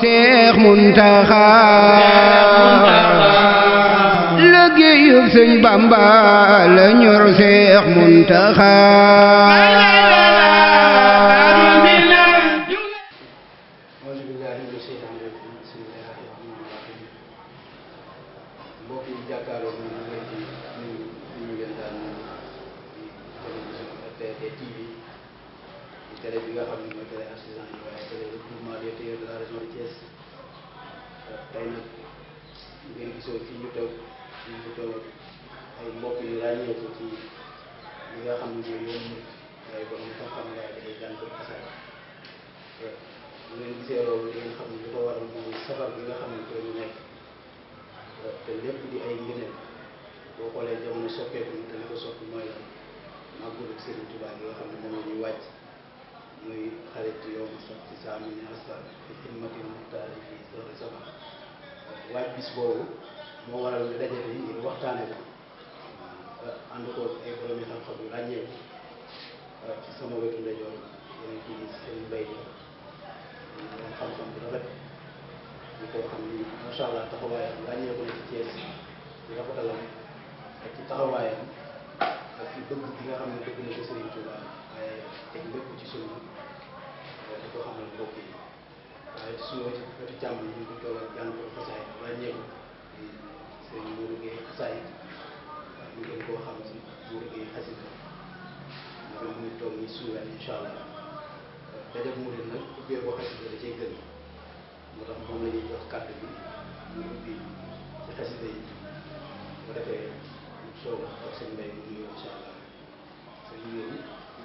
Seex Muntaxa liggéeyub Sëñ Bamba la ñor Seex Muntaxa TV télé bi nga xam ne mooy télé artisan yi gisoo fii ñu teew ñu ngi ay mbokk yu ràññee ko ci li nga xam ne mooy yoon bi ay borom li ko waral mooy safar bi nga xam ne koy nekk te xoolee jamono soppeeku te nga xam ne moom la ñuy wàcc muy xarit yow ma sax ci saami ne asar te ximmatil muxtaari fii sori sama waaj bis boobu moo waral ñu daje bi ngir waxtaane ko ànd ko xam-xam yu ràññee ko ci sama wetu ndajoor yéen ci seen mbay mi moom xam-xam ni macha allah na ci Thiès ci taxawaayam ak ci bëgg bi xam ne bëgg na ko Serigne teg lépp ci sunu di ko xamal mbokk yi waaye sunu wetu càmm ñu ngi toog ak jàngoro xasaay ràññeeku di sëñ Modou Gueye xasaay ñu gën mu ngi toog ni sunu wet incha allah dajab moo tax moom la jox kàddu bi mu ubbi ci xasida yi bu defee soo wax ak sëñ mbay mu nuyoo incha allah sëñ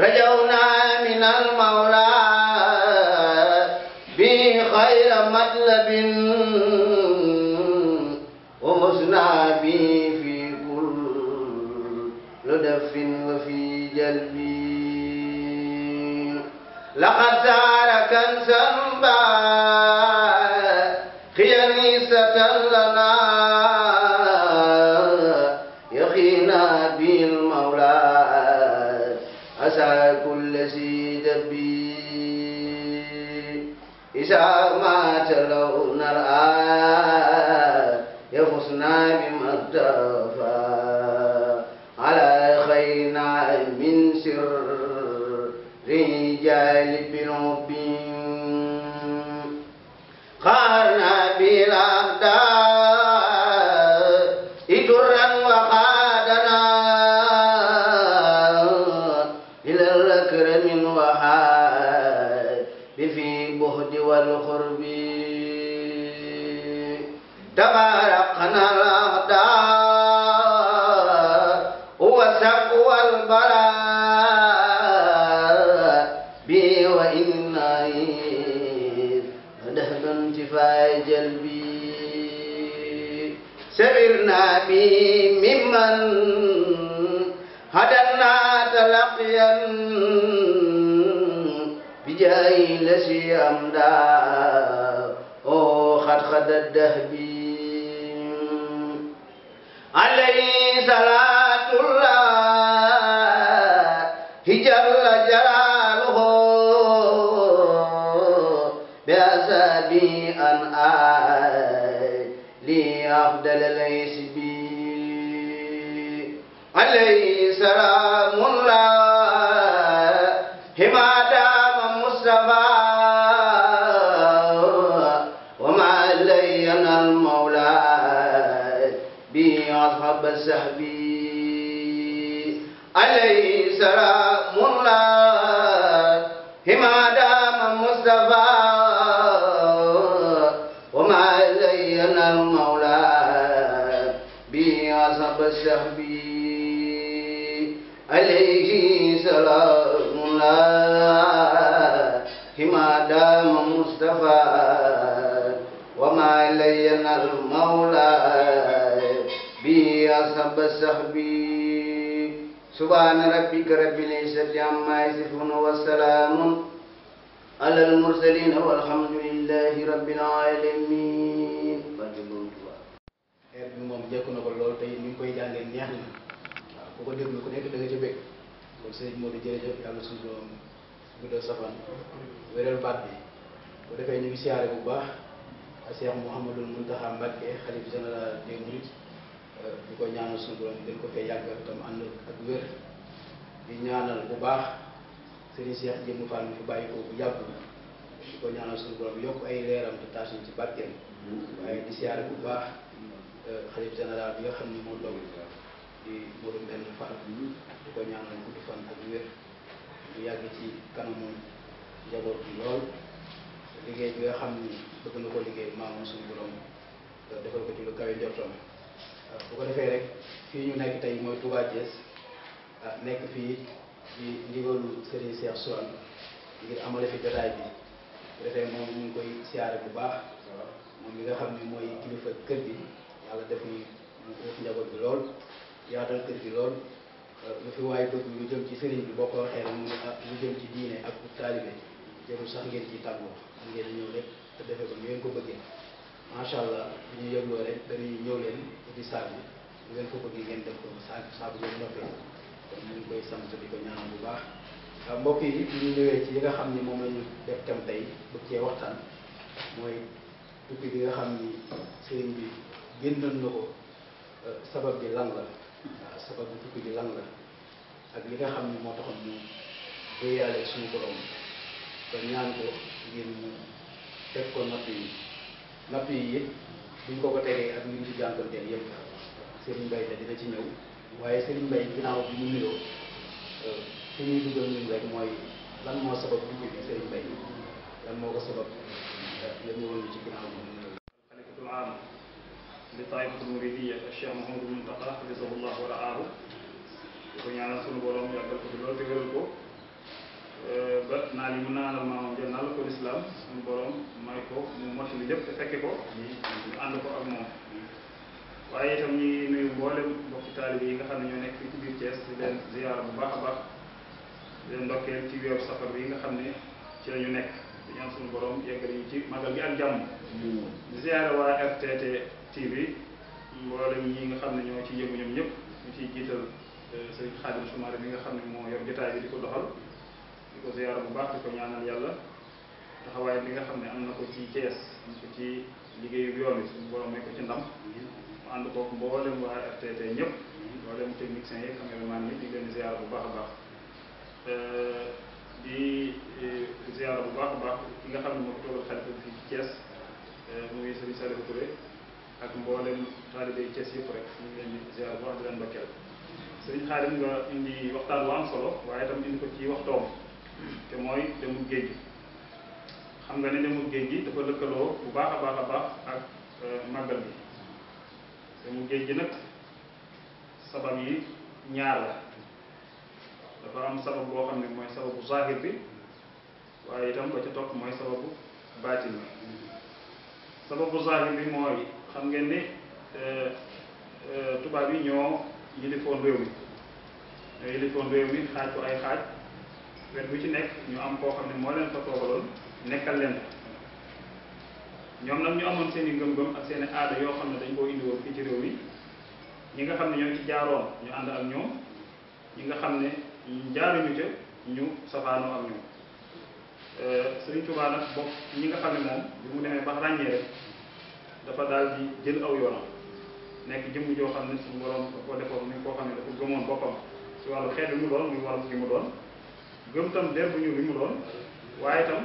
رجونا من المولى به خير مطلب ومسنا به في كل لدف وفي جلبي لقد سار كنسا خيانيسة الله ربي إذا ما تلون الآيات يفصنا بما تباركنا الأقدار هو السقوى البراء بي وإنا ذهب انتفاع جلبي سبرنا به ممن هدنا تلقيا بجاه لسي أمدا أو خد خد الدهبي alayhi salaatullah hijalla jalaaluhu bi asabi an ay li afdal laysbi alayhi salaamullah hima daama mustafa وصحبه عليه سلام الله ما دام مصطفى وما لينا المولى به أصحب صحبه سبحان ربك رب العزة عما يصفون وسلام على المرسلين والحمد لله رب العالمين. moom jëkk na ko loolu tey ni nga koy jàngee neex na waaw ku ko déglu ku nekk da nga ci bëgg kon sëriñ Modou jërëjëf yàlla suñu doom guddal safan wéral baat bi bu defee ñu ngi siyaare bu baax ak Cheikh Mouhamadul Mountakha Mbacké xalif général des mourides euh, di ko ñaanal suñu borom dañ ko fee yàggal tam ànd ak wér di ñaanal bu baax sëriñ Cheikh Jëmm Fall mi fi bàyyi ko bu yàgg di ko ñaanal suñu borom yokk ay leeram te taas ñu ci barkeem waaye di siyaare bu baax xalif général bi nga xam ni moo doom di Modou Mbène Fall di ko ñaanal guddi fan ak wér di yàgg ci kanamu njaboot bi lool liggéey bi nga xam ni bëgg na ko liggéey maamoom suñu borom defal ko ci lu kawe njortoom bu ko defee rek fii ñu nekk tey mooy Touba Thiès nekk fii ci ndigalu Serigne Cheikh Souane ngir amale fi jotaay bi bu defee moom ñu koy siyaare bu baax moom mi nga xam ni mooy kilifa kër gi yàlla def ni mu uuf njaboot bi lool yaatal kër gi lool euh, lu fi waay bëgg lu jëm ci sëriñ bi boo ko waxee rek mu ah, lu jëm ci diine ak taalibe jëmul sax ngeen ci tàggoo am ngeen ñëw rek te defe ko ñu ngeen ko bëggee macha allah ñu yëgloo rek dañuy ñëw leen di saabu ñu ngeen def ko saa saabu ngeen noppee kon ñu ngi koy sant di ko ñaanal bu baax euh, mbokk yi bu ñu ci yi nga xam ni moom lañu ñu def tam tey bëgg cee waxtaan mooy tukki bi nga xam ni sëriñ bi génnoon nga ko euh, sabab bi lan la waaw sabab bu tukki bi lan la ak li nga xam ne moo taxoon ñu wéyaale suñu borom te ñaan ko ngir mu teg ko napp yi napp yi it buñ ko ko tegee ak ñu ngi ci jànkuwanteel yëpp Serigne Mbaye la dina ci ñëw waaye Serigne Mbaye ginnaaw bi mu niroo euh, fi ñuy dugal ñun rek mooy lan moo sabab tukki bi Serigne Mbaye lan moo ko sabab la ñu woon ci ginnaaw bi mu niroo. di taayifatul muridiyya Cheikh Mouhamadou Mountakha hafizahullahu wa ra'aahu ko ñaanal sunu borom yàggal ko loolu te wéral ko ba naa li naanal maamam jël naa la ko lislaam sunu borom may ko mu mot li lépp te ko ñu ànd ko ak moom waaye itam ñu ngi nuyu mboolem mbokki taalibe yi nga xam ne ñoo nekk fii ci biir Thiès di leen ziyaara bu baax a baax di leen ndokkeel ci weeru safar bi nga xam ne ci la ñu nekk suñu borom yeggal yi ci magal gi ak jàmm di ziare waa RTT TV mboolem ñi nga xam ne ñoo ci yëngu ñoom ñëpp ñu ciy jiital euh, sëriñ Xaadim Soumaré mi nga xam ne moo yor jotaay bi di ko doxal di ko ziare bu baax di ko ñaanal yàlla taxawaay bi nga xam ne am na ko ci Thiès am ko ci liggéeyu yoon yi suñu borom may ko ci ndam mu ànd kook mboolem waa RTT ñëpp mboolem techniciens yi caméraman yi di leen ziare bu baax baax euh, di eh, ziara bu baax baax nga xam ne moo toogal xalifa bi ci Thiès eh, ak mboolem taalibe Thiès yëpp leen di ziara bu baax di leen mbokkeel waaye itam indi ko ci waxtoom te mooy demul géej gi nga ne demul géej gi dafa lëkkaloo bu baax a baax ak eh, màggal bi demul géej gi nag sabab yi ñaar la dafa am sabab boo xam ne mooy sababu zahir bi waaye itam ko ca topp mooy sababu baatin bi sababu zahir bi mooy xam ngeen ni eh, eh, tubaab yi ñoo yilifoon réew mi ñoo yilifoon réew xaaj ko ay xaaj wet bu ci nekk ñu am koo xam ne moo leen fa toogaloon nekkal leen ñoom nag ñu amoon seen ngëm-ngëm ak seen i aada yoo xam ne dañ koo indiwoon fii ci réew yi ñi nga xam ne ñoo ci jaaroon ñu ànd ak ñoom ñi nga xam ne jaaruñu ca ñu safaanoo ak ñoom euh, Sëriñ Tuubaa nag ñi nga xam ne moom bi mu demee ba ràññee dafa daal di jël aw yoonam nekk jëmm joo xam ne suñu borom da ko defoon ni koo xam ne dafa gëmoon boppam si wàllu xeet bi mu doon muy wàllu gi mu doon gëm tam der bu ñu li mu doon waaye tam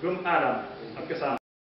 gëm aadam ak cosaan